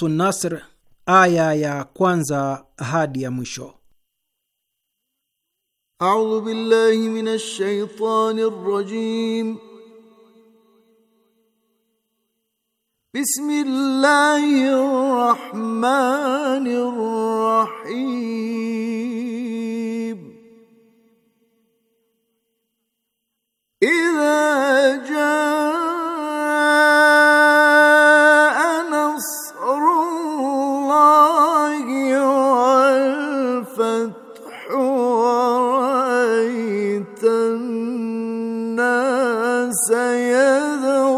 Suratu Nasr aya ya kwanza hadi ya mwisho. A'udhu billahi minash shaitani rrajim. Bismillahir rahmanir rahim سيذوق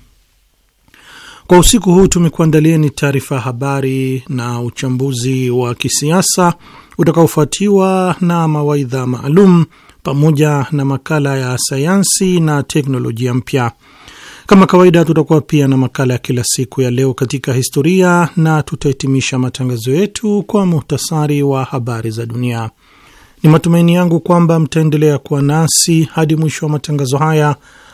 Kwa usiku huu tumekuandalieni taarifa ya habari na uchambuzi wa kisiasa utakaofuatiwa na mawaidha maalum pamoja na makala ya sayansi na teknolojia mpya. Kama kawaida, tutakuwa pia na makala ya kila siku ya leo katika historia na tutahitimisha matangazo yetu kwa muhtasari wa habari za dunia. Ni matumaini yangu kwamba mtaendelea kuwa nasi hadi mwisho wa matangazo haya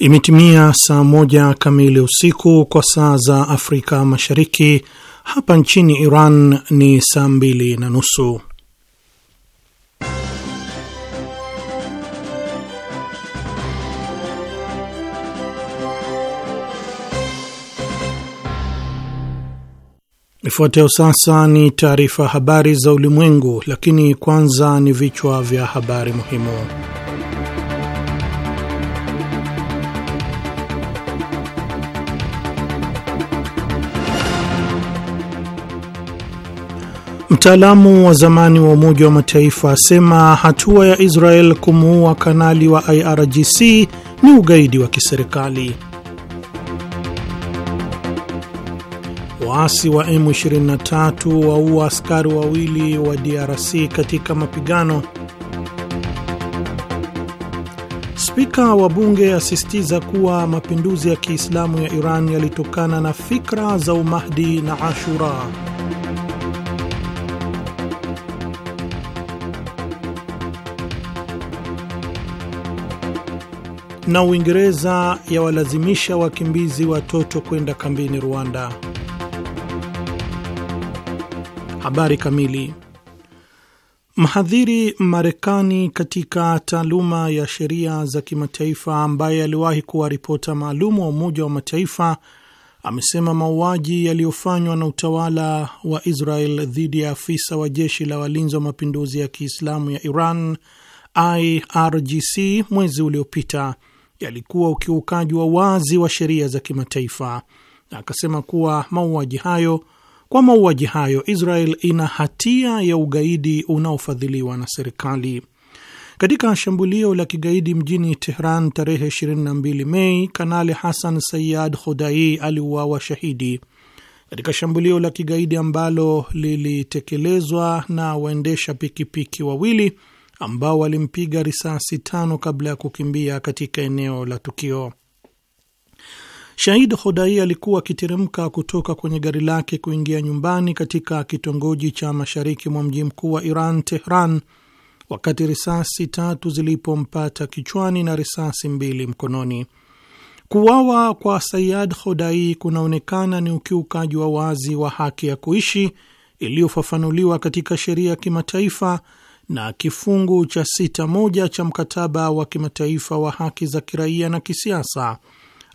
Imetimia saa moja kamili usiku kwa saa za Afrika Mashariki. Hapa nchini Iran ni saa mbili na nusu. Ifuatayo sasa ni taarifa habari za ulimwengu, lakini kwanza ni vichwa vya habari muhimu. Mtaalamu wa zamani wa Umoja wa Mataifa asema hatua ya Israel kumuua kanali wa IRGC ni ugaidi wa kiserikali. Waasi wa M23 waua askari wawili wa DRC katika mapigano. Spika wa bunge asisitiza kuwa mapinduzi ya Kiislamu ya Iran yalitokana na fikra za umahdi na Ashura. na Uingereza yawalazimisha wakimbizi watoto kwenda kambini Rwanda. Habari kamili. Mhadhiri Marekani katika taaluma ya sheria za kimataifa ambaye aliwahi kuwa ripota maalum wa Umoja wa Mataifa amesema mauaji yaliyofanywa na utawala wa Israel dhidi ya afisa wa jeshi la walinzi wa mapinduzi ya Kiislamu ya Iran IRGC mwezi uliopita yalikuwa ukiukaji wa wazi wa sheria za kimataifa, na akasema kuwa mauaji hayo kwa mauaji hayo Israel ina hatia ya ugaidi unaofadhiliwa na serikali. Katika shambulio la kigaidi mjini Tehran tarehe 22 Mei, Kanali Hassan Sayyad Khudai aliuawa shahidi katika shambulio la kigaidi ambalo lilitekelezwa na waendesha pikipiki wawili ambao walimpiga risasi tano kabla ya kukimbia katika eneo la tukio. Shahid Hodai alikuwa akiteremka kutoka kwenye gari lake kuingia nyumbani katika kitongoji cha mashariki mwa mji mkuu wa Iran, Tehran, wakati risasi tatu zilipompata kichwani na risasi mbili mkononi. Kuwawa kwa Sayad Hodai kunaonekana ni ukiukaji wa wazi wa haki ya kuishi iliyofafanuliwa katika sheria ya kimataifa na kifungu cha sita moja cha mkataba wa kimataifa wa haki za kiraia na kisiasa,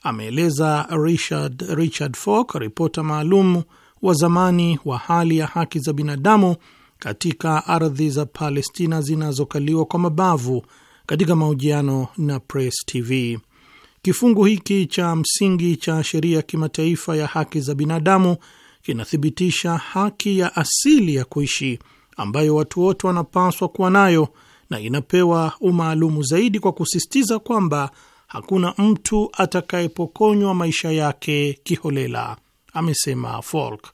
ameeleza Richard, Richard Falk, ripota maalum wa zamani wa hali ya haki za binadamu katika ardhi za Palestina zinazokaliwa kwa mabavu katika mahojiano na Press TV. Kifungu hiki cha msingi cha sheria ya kimataifa ya haki za binadamu kinathibitisha haki ya asili ya kuishi ambayo watu wote wanapaswa kuwa nayo na inapewa umaalumu zaidi kwa kusisitiza kwamba hakuna mtu atakayepokonywa maisha yake kiholela, amesema folk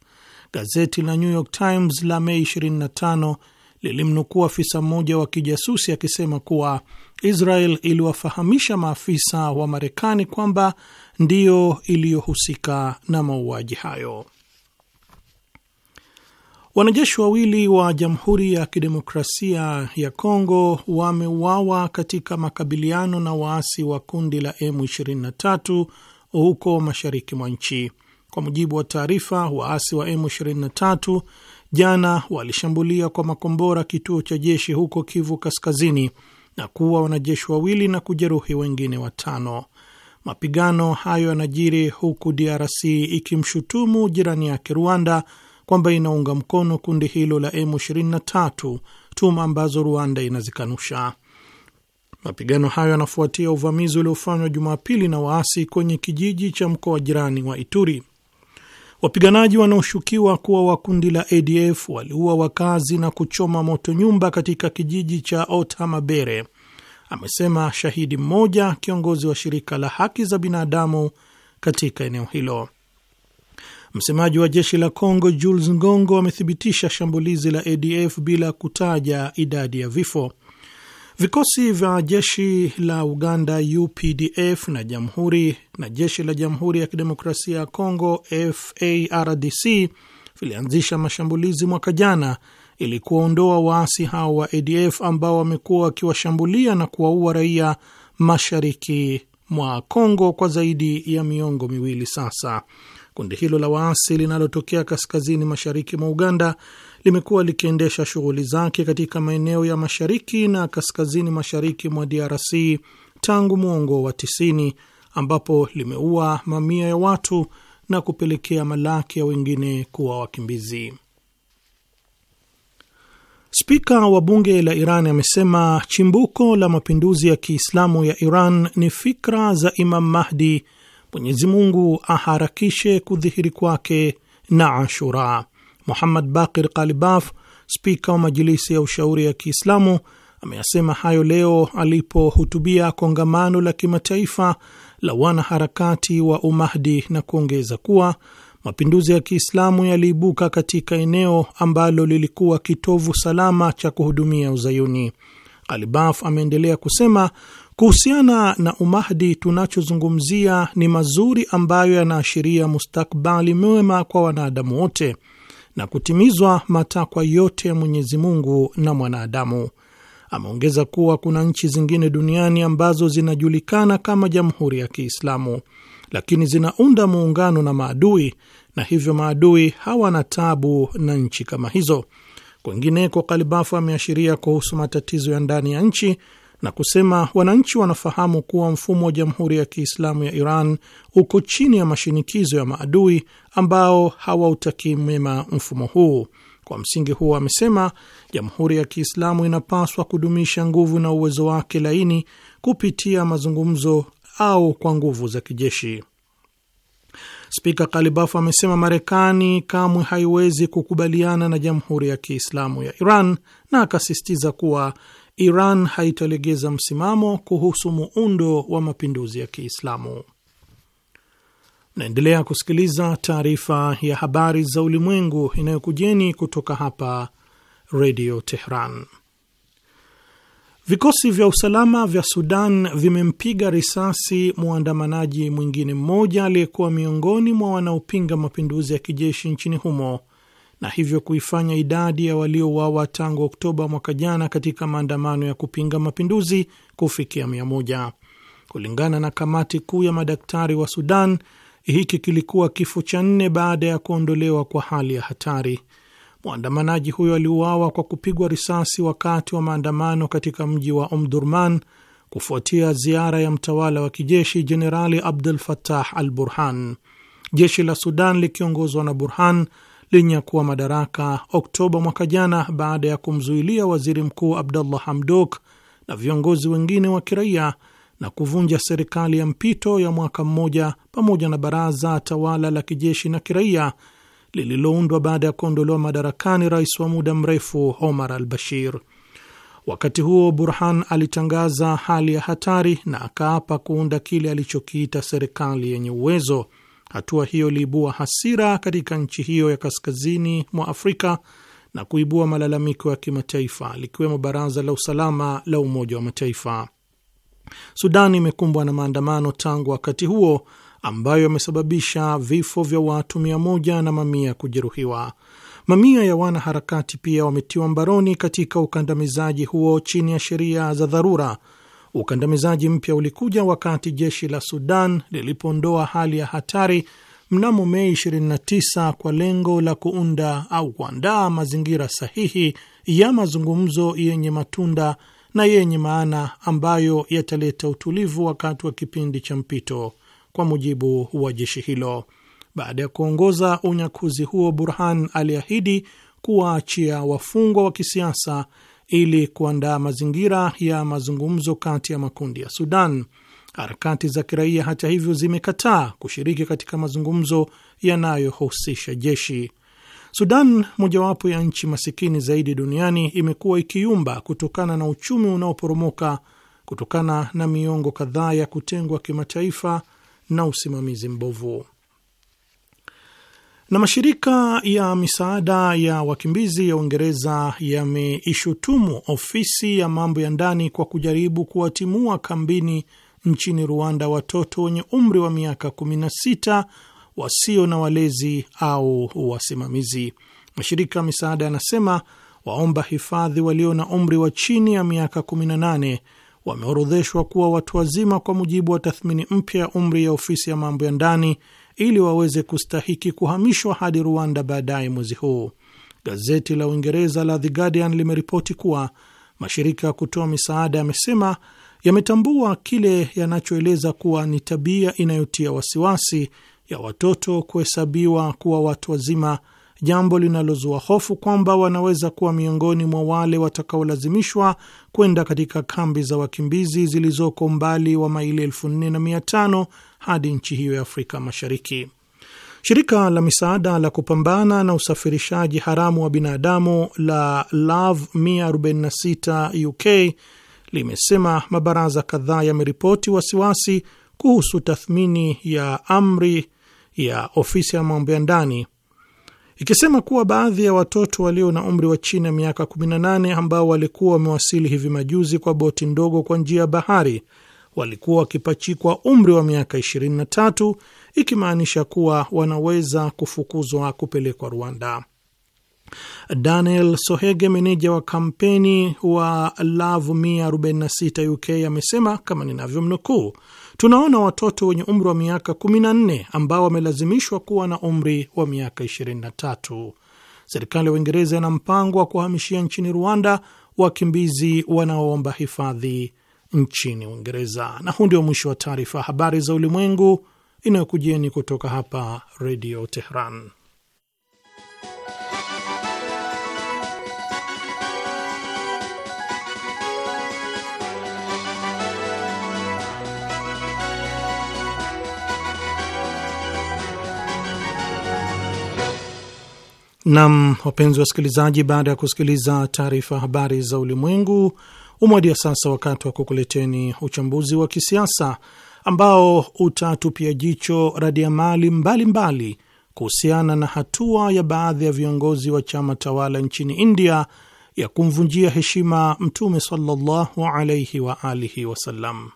Gazeti la New York Times la Mei 25 lilimnukuu afisa mmoja wa kijasusi akisema kuwa Israel iliwafahamisha maafisa wa Marekani kwamba ndiyo iliyohusika na mauaji hayo. Wanajeshi wawili wa Jamhuri ya Kidemokrasia ya Kongo wameuawa katika makabiliano na waasi wa kundi la M23 huko mashariki mwa nchi. Kwa mujibu wa taarifa, waasi wa M23 jana walishambulia kwa makombora kituo cha jeshi huko Kivu Kaskazini na kuua wanajeshi wawili na kujeruhi wengine watano. Mapigano hayo yanajiri huku DRC ikimshutumu jirani yake Rwanda kwamba inaunga mkono kundi hilo la M23, tuma ambazo Rwanda inazikanusha. Mapigano hayo yanafuatia uvamizi uliofanywa Jumapili na waasi kwenye kijiji cha mkoa jirani wa Ituri. Wapiganaji wanaoshukiwa kuwa wa kundi la ADF waliua wakazi na kuchoma moto nyumba katika kijiji cha Otamabere, amesema shahidi mmoja, kiongozi wa shirika la haki za binadamu katika eneo hilo. Msemaji wa jeshi la Congo Jules Ngongo amethibitisha shambulizi la ADF bila kutaja idadi ya vifo. Vikosi vya jeshi la Uganda UPDF na jamhuri na jeshi la Jamhuri ya Kidemokrasia ya Kongo FARDC vilianzisha mashambulizi mwaka jana ili kuwaondoa waasi hao wa ADF ambao wamekuwa wakiwashambulia na kuwaua raia mashariki mwa congo kwa zaidi ya miongo miwili sasa. Kundi hilo la waasi linalotokea kaskazini mashariki mwa Uganda limekuwa likiendesha shughuli zake katika maeneo ya mashariki na kaskazini mashariki mwa DRC tangu mwongo wa 90 ambapo limeua mamia ya watu na kupelekea malaki ya wengine kuwa wakimbizi. Spika wa bunge la Iran amesema chimbuko la mapinduzi ya Kiislamu ya Iran ni fikra za Imam Mahdi Mwenyezi Mungu aharakishe kudhihiri kwake na Ashura. Muhammad Bakir Kalibaf, spika wa Majilisi ya Ushauri ya Kiislamu, ameyasema hayo leo alipohutubia kongamano la kimataifa la wanaharakati wa Umahdi na kuongeza kuwa mapinduzi ya Kiislamu yaliibuka katika eneo ambalo lilikuwa kitovu salama cha kuhudumia Uzayuni. Kalibaf ameendelea kusema Kuhusiana na umahdi, tunachozungumzia ni mazuri ambayo yanaashiria mustakbali mwema kwa wanadamu wote na kutimizwa matakwa yote ya Mwenyezi Mungu na mwanadamu. Ameongeza kuwa kuna nchi zingine duniani ambazo zinajulikana kama Jamhuri ya Kiislamu, lakini zinaunda muungano na maadui, na hivyo maadui hawana tabu na nchi kama hizo. Kwingineko, Kalibafu ameashiria kuhusu matatizo ya ndani ya nchi na kusema wananchi wanafahamu kuwa mfumo wa Jamhuri ya Kiislamu ya Iran uko chini ya mashinikizo ya maadui ambao hawautakii mema mfumo huu. Kwa msingi huo, amesema Jamhuri ya Kiislamu inapaswa kudumisha nguvu na uwezo wake laini kupitia mazungumzo au kwa nguvu za kijeshi. Spika Kalibaf amesema Marekani kamwe haiwezi kukubaliana na Jamhuri ya Kiislamu ya Iran na akasisitiza kuwa Iran haitalegeza msimamo kuhusu muundo wa mapinduzi ya Kiislamu. Naendelea kusikiliza taarifa ya habari za ulimwengu inayokujeni kutoka hapa Redio Tehran. Vikosi vya usalama vya Sudan vimempiga risasi mwandamanaji mwingine mmoja aliyekuwa miongoni mwa wanaopinga mapinduzi ya kijeshi nchini humo na hivyo kuifanya idadi ya waliouawa tangu Oktoba mwaka jana katika maandamano ya kupinga mapinduzi kufikia mia moja. Kulingana na kamati kuu ya madaktari wa Sudan, hiki kilikuwa kifo cha nne baada ya kuondolewa kwa hali ya hatari. Mwandamanaji huyo aliuawa kwa kupigwa risasi wakati wa maandamano katika mji wa Omdurman kufuatia ziara ya mtawala wa kijeshi Jenerali Abdul fatah al Burhan. Jeshi la Sudan likiongozwa na Burhan linyakua madaraka Oktoba mwaka jana baada ya kumzuilia waziri mkuu abdullah Hamdok na viongozi wengine wa kiraia na kuvunja serikali ya mpito ya mwaka mmoja pamoja na baraza tawala la kijeshi na kiraia lililoundwa baada ya kuondolewa madarakani rais wa muda mrefu Omar al Bashir. Wakati huo Burhan alitangaza hali ya hatari na akaapa kuunda kile alichokiita serikali yenye uwezo. Hatua hiyo iliibua hasira katika nchi hiyo ya kaskazini mwa Afrika na kuibua malalamiko ya kimataifa likiwemo Baraza la Usalama la Umoja wa Mataifa. Sudani imekumbwa na maandamano tangu wakati huo ambayo yamesababisha vifo vya watu mia moja na mamia kujeruhiwa. Mamia ya wanaharakati pia wametiwa mbaroni katika ukandamizaji huo chini ya sheria za dharura Ukandamizaji mpya ulikuja wakati jeshi la Sudan lilipoondoa hali ya hatari mnamo Mei 29 kwa lengo la kuunda au kuandaa mazingira sahihi ya mazungumzo yenye matunda na yenye maana ambayo yataleta utulivu wakati wa kipindi cha mpito, kwa mujibu wa jeshi hilo. Baada ya kuongoza unyakuzi huo, Burhan aliahidi kuwaachia wafungwa wa kisiasa ili kuandaa mazingira ya mazungumzo kati ya makundi ya Sudan. Harakati za kiraia hata hivyo zimekataa kushiriki katika mazungumzo yanayohusisha jeshi. Sudan, mojawapo ya nchi masikini zaidi duniani, imekuwa ikiyumba kutokana na uchumi unaoporomoka kutokana na miongo kadhaa ya kutengwa kimataifa na usimamizi mbovu. Na mashirika ya misaada ya wakimbizi ya Uingereza yameishutumu ofisi ya mambo ya ndani kwa kujaribu kuwatimua kambini nchini Rwanda watoto wenye umri wa miaka 16 wasio na walezi au wasimamizi. Mashirika ya misaada yanasema waomba hifadhi walio na umri wa chini ya miaka 18 wameorodheshwa kuwa watu wazima kwa mujibu wa tathmini mpya ya umri ya ofisi ya mambo ya ndani ili waweze kustahiki kuhamishwa hadi Rwanda baadaye mwezi huu. Gazeti la Uingereza la The Guardian limeripoti kuwa mashirika ya kutoa misaada yamesema yametambua kile yanachoeleza kuwa ni tabia inayotia wasiwasi ya watoto kuhesabiwa kuwa watu wazima jambo linalozua hofu kwamba wanaweza kuwa miongoni mwa wale watakaolazimishwa kwenda katika kambi za wakimbizi zilizoko mbali wa maili elfu nne na mia tano hadi nchi hiyo ya Afrika Mashariki. Shirika la misaada la kupambana na usafirishaji haramu wa binadamu la Love 146 UK limesema mabaraza kadhaa yameripoti wasiwasi kuhusu tathmini ya amri ya ofisi ya mambo ya ndani ikisema kuwa baadhi ya watoto walio na umri wa chini ya miaka 18 ambao walikuwa wamewasili hivi majuzi kwa boti ndogo kwa njia ya bahari walikuwa wakipachikwa umri wa miaka 23 ikimaanisha kuwa wanaweza kufukuzwa kupelekwa Rwanda. Daniel Sohege, meneja wa kampeni wa Love 146 UK, amesema kama ninavyomnukuu Tunaona watoto wenye umri wa miaka 14 ambao wamelazimishwa kuwa na umri wa miaka 23. Serikali ya Uingereza ina mpango wa kuhamishia nchini Rwanda wakimbizi wanaoomba hifadhi nchini Uingereza. Na huu ndio mwisho wa taarifa habari za ulimwengu inayokujieni kutoka hapa Redio Tehran. Nam, wapenzi wasikilizaji, baada ya kusikiliza taarifa habari za ulimwengu, umewadia sasa wakati wa kukuleteni uchambuzi wa kisiasa ambao utatupia jicho radiamali mbalimbali kuhusiana na hatua ya baadhi ya viongozi wa chama tawala nchini India ya kumvunjia heshima Mtume sallallahu alaihi wa alihi wasallam.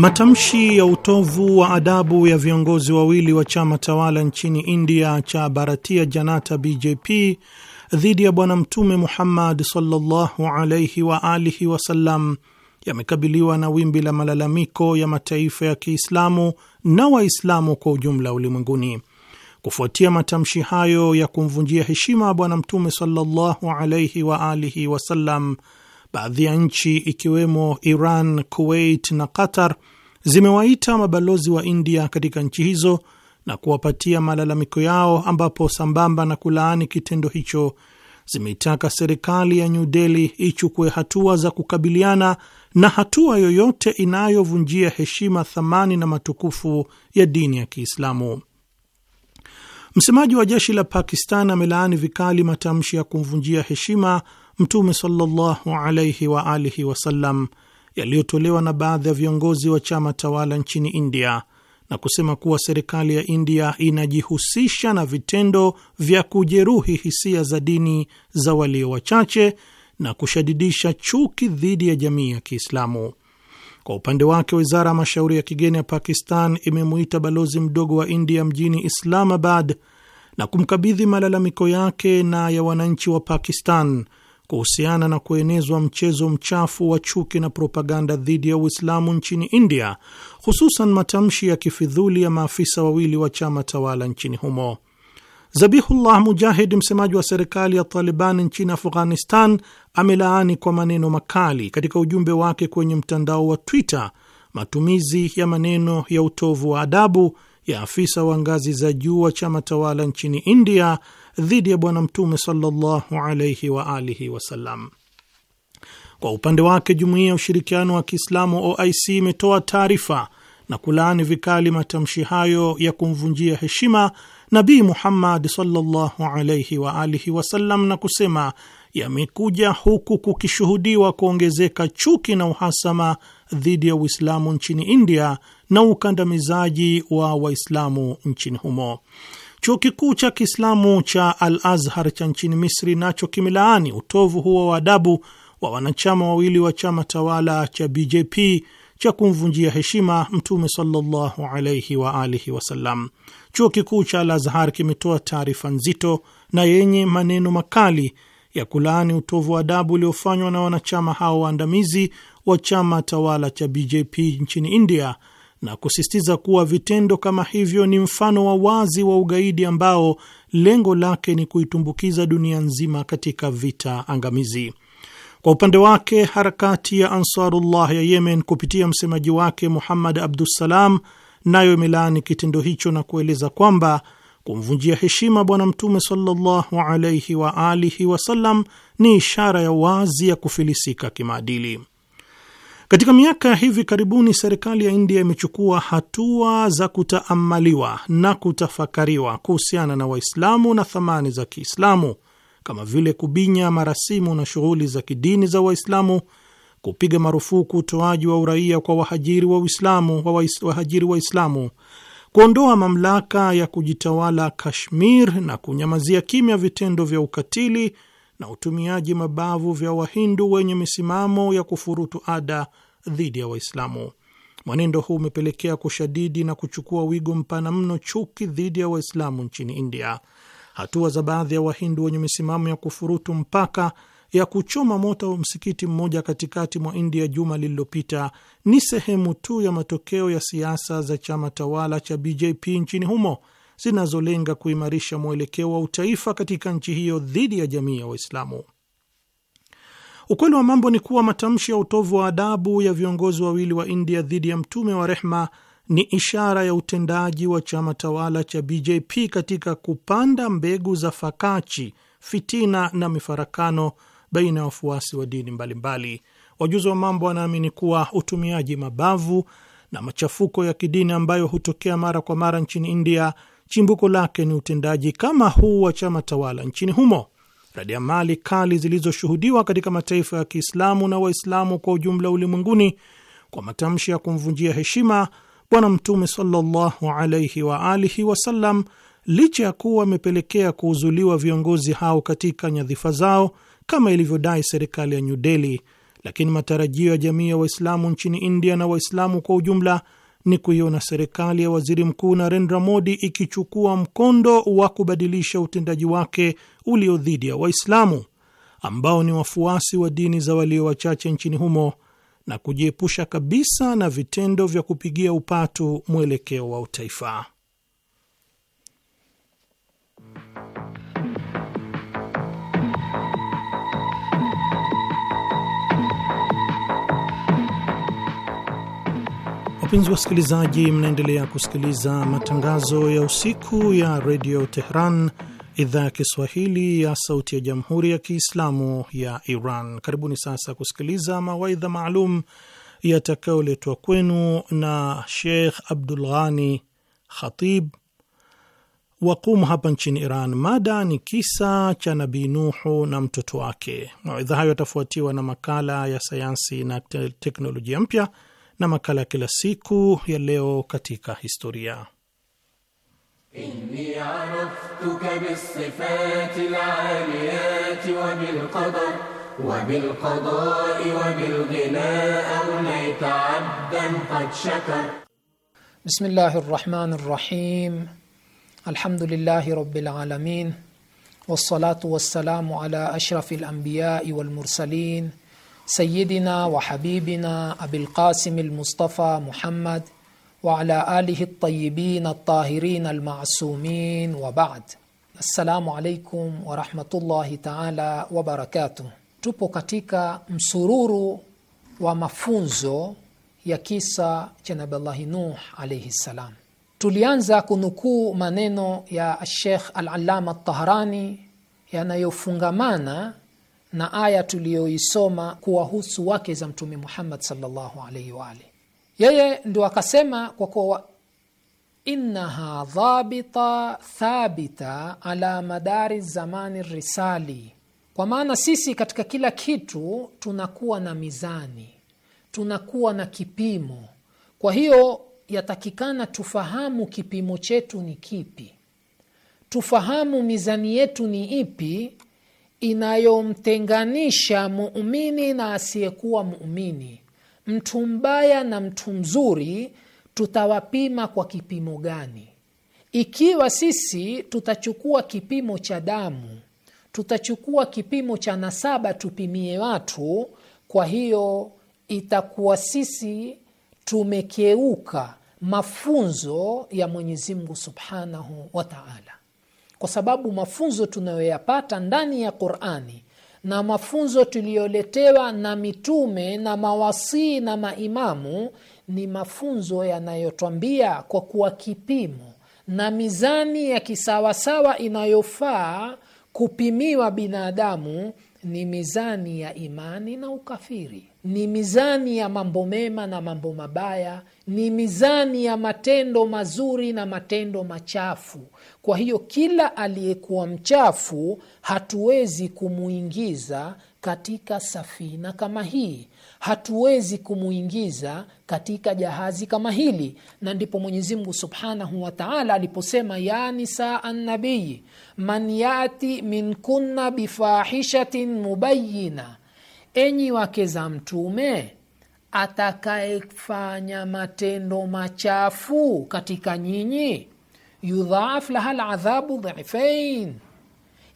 Matamshi ya utovu wa adabu ya viongozi wawili wa chama tawala nchini India cha Bharatiya Janata BJP dhidi ya Bwana Mtume Muhammad sallallahu alaihi wa alihi wasallam yamekabiliwa na wimbi la malalamiko ya mataifa ya Kiislamu na Waislamu kwa ujumla ulimwenguni. Kufuatia matamshi hayo ya kumvunjia heshima Bwana Mtume sallallahu alaihi wa alihi wasallam Baadhi ya nchi ikiwemo Iran, Kuwait na Qatar zimewaita mabalozi wa India katika nchi hizo na kuwapatia malalamiko yao, ambapo sambamba na kulaani kitendo hicho zimeitaka serikali ya New Delhi ichukue hatua za kukabiliana na hatua yoyote inayovunjia heshima, thamani na matukufu ya dini ya Kiislamu. Msemaji wa jeshi la Pakistan amelaani vikali matamshi ya kumvunjia heshima Mtume sallallahu alaihi wa alihi wasallam yaliyotolewa na baadhi ya viongozi wa chama tawala nchini India na kusema kuwa serikali ya India inajihusisha na vitendo vya kujeruhi hisia za dini za walio wachache na kushadidisha chuki dhidi ya jamii ya Kiislamu. Kwa upande wake, wizara ya mashauri ya kigeni ya Pakistan imemuita balozi mdogo wa India mjini Islamabad na kumkabidhi malalamiko yake na ya wananchi wa Pakistan kuhusiana na kuenezwa mchezo mchafu wa chuki na propaganda dhidi ya Uislamu nchini India, hususan matamshi ya kifidhuli ya maafisa wawili wa chama tawala nchini humo. Zabihullah Mujahid, msemaji wa serikali ya Taliban nchini Afghanistan, amelaani kwa maneno makali katika ujumbe wake kwenye mtandao wa Twitter matumizi ya maneno ya utovu wa adabu ya afisa wa ngazi za juu wa chama tawala nchini India dhidi ya Bwana Mtume sallallahu alaihi wa alihi wasallam. Kwa upande wake, Jumuiya ya Ushirikiano wa Kiislamu OIC imetoa taarifa na kulaani vikali matamshi hayo ya kumvunjia heshima Nabii Muhammad sallallahu alaihi wa alihi wasallam na kusema yamekuja huku kukishuhudiwa kuongezeka chuki na uhasama dhidi ya Uislamu nchini India na ukandamizaji wa Waislamu nchini humo. Chuo kikuu cha Kiislamu cha Al Azhar cha nchini Misri nacho kimelaani utovu huo wa adabu wa wanachama wawili wa chama tawala cha BJP cha kumvunjia heshima Mtume sallallahu alaihi wa alihi wasallam. Chuo kikuu cha Al Azhar kimetoa taarifa nzito na yenye maneno makali ya kulaani utovu wa adabu uliofanywa na wanachama hao waandamizi wa chama tawala cha BJP nchini India na kusisitiza kuwa vitendo kama hivyo ni mfano wa wazi wa ugaidi ambao lengo lake ni kuitumbukiza dunia nzima katika vita angamizi. Kwa upande wake, harakati ya Ansarullah ya Yemen kupitia msemaji wake Muhammad Abdussalam nayo imelaani kitendo hicho na kueleza kwamba kumvunjia heshima Bwana Mtume sallallahu alaihi wa alihi wasallam ni ishara ya wazi ya kufilisika kimaadili. Katika miaka hivi karibuni, serikali ya India imechukua hatua za kutaamaliwa na kutafakariwa kuhusiana na Waislamu na thamani za Kiislamu kama vile kubinya marasimu na shughuli za kidini za Waislamu, kupiga marufuku utoaji wa uraia kwa wahajiri wa Uislamu wa wahajiri Waislamu, kuondoa mamlaka ya kujitawala Kashmir na kunyamazia kimya vitendo vya ukatili na utumiaji mabavu vya Wahindu wenye misimamo ya kufurutu ada dhidi ya Waislamu. Mwenendo huu umepelekea kushadidi na kuchukua wigo mpana mno chuki dhidi ya Waislamu nchini India. Hatua za baadhi ya Wahindu wenye misimamo ya kufurutu mpaka ya kuchoma moto msikiti mmoja katikati mwa India juma lililopita ni sehemu tu ya matokeo ya siasa za chama tawala cha BJP nchini humo zinazolenga kuimarisha mwelekeo wa utaifa katika nchi hiyo dhidi ya jamii ya Waislamu. Ukweli wa mambo ni kuwa matamshi ya utovu wa adabu ya viongozi wawili wa India dhidi ya mtume wa rehma ni ishara ya utendaji wa chama tawala cha BJP katika kupanda mbegu za fakachi, fitina na mifarakano baina ya wafuasi wa dini mbalimbali. Wajuzi wa mambo wanaamini kuwa utumiaji mabavu na machafuko ya kidini ambayo hutokea mara kwa mara nchini India chimbuko lake ni utendaji kama huu wa chama tawala nchini humo. mali kali zilizoshuhudiwa katika mataifa ya Kiislamu na Waislamu kwa ujumla ulimwenguni kwa matamshi ya kumvunjia heshima Bwana Mtume sallallahu alaihi wa alihi wasallam, licha ya kuwa amepelekea kuuzuliwa viongozi hao katika nyadhifa zao kama ilivyodai serikali ya New Delhi, lakini matarajio ya jamii ya Waislamu nchini India na Waislamu kwa ujumla ni kuiona serikali ya waziri mkuu Narendra Modi ikichukua mkondo wa kubadilisha utendaji wake ulio dhidi ya Waislamu ambao ni wafuasi wa dini za walio wachache nchini humo na kujiepusha kabisa na vitendo vya kupigia upatu mwelekeo wa utaifa. Wapenzi wasikilizaji, mnaendelea kusikiliza matangazo ya usiku ya redio Tehran, idhaa ya Kiswahili ya sauti ya jamhuri ya Kiislamu ya Iran. Karibuni sasa kusikiliza mawaidha maalum yatakayoletwa kwenu na Sheikh abdul ghani Khatib wa Qum hapa nchini Iran. Mada ni kisa cha Nabii Nuhu na mtoto wake. Mawaidha hayo yatafuatiwa na makala ya sayansi na teknolojia mpya na makala kila siku ya leo katika historia. Inni araftuka bisifati alaliyati wa bilqadar wa bilqadai wa bilghina awnaita abdan qad shakar. Bismillahi rrahmani rrahim. Alhamdulillahi rabbil alamin wassalatu wassalamu ala ashrafi alanbiyai walmursalin سيدنا وحبيبنا ابي القاسم المصطفى محمد وعلى اله الطيبين الطاهرين المعصومين وبعد السلام عليكم ورحمة الله تعالى وبركاته tupo katika msururu wa mafunzo ya kisa cha nabillahi nuh alaihi ssalam tulianza kunukuu maneno ya Sheikh al-Allama tahrani yanayofungamana na aya tuliyoisoma kuwahusu wake za Mtume Muhammad sallallahu alaihi wa yeye ndo akasema kwa kuwa innaha dhabita thabita ala madari zamani risali, kwa maana sisi katika kila kitu tunakuwa na mizani, tunakuwa na kipimo. Kwa hiyo yatakikana tufahamu kipimo chetu ni kipi, tufahamu mizani yetu ni ipi inayomtenganisha muumini na asiyekuwa muumini, mtu mbaya na mtu mzuri, tutawapima kwa kipimo gani? Ikiwa sisi tutachukua kipimo cha damu, tutachukua kipimo cha nasaba tupimie watu, kwa hiyo itakuwa sisi tumekeuka mafunzo ya Mwenyezi Mungu subhanahu wa taala kwa sababu mafunzo tunayoyapata ndani ya Qurani na mafunzo tuliyoletewa na mitume na mawasii na maimamu ni mafunzo yanayotwambia kwa kuwa kipimo na mizani ya kisawasawa inayofaa kupimiwa binadamu ni mizani ya imani na ukafiri ni mizani ya mambo mema na mambo mabaya, ni mizani ya matendo mazuri na matendo machafu. Kwa hiyo kila aliyekuwa mchafu hatuwezi kumuingiza katika safina kama hii, hatuwezi kumuingiza katika jahazi kama hili, na ndipo Mwenyezi Mungu subhanahu wa taala aliposema, ya nisaa annabiyi man yati minkunna bifahishatin mubayina enyi wake za Mtume, atakayefanya matendo machafu katika nyinyi, yudhaaf laha ladhabu dhifain,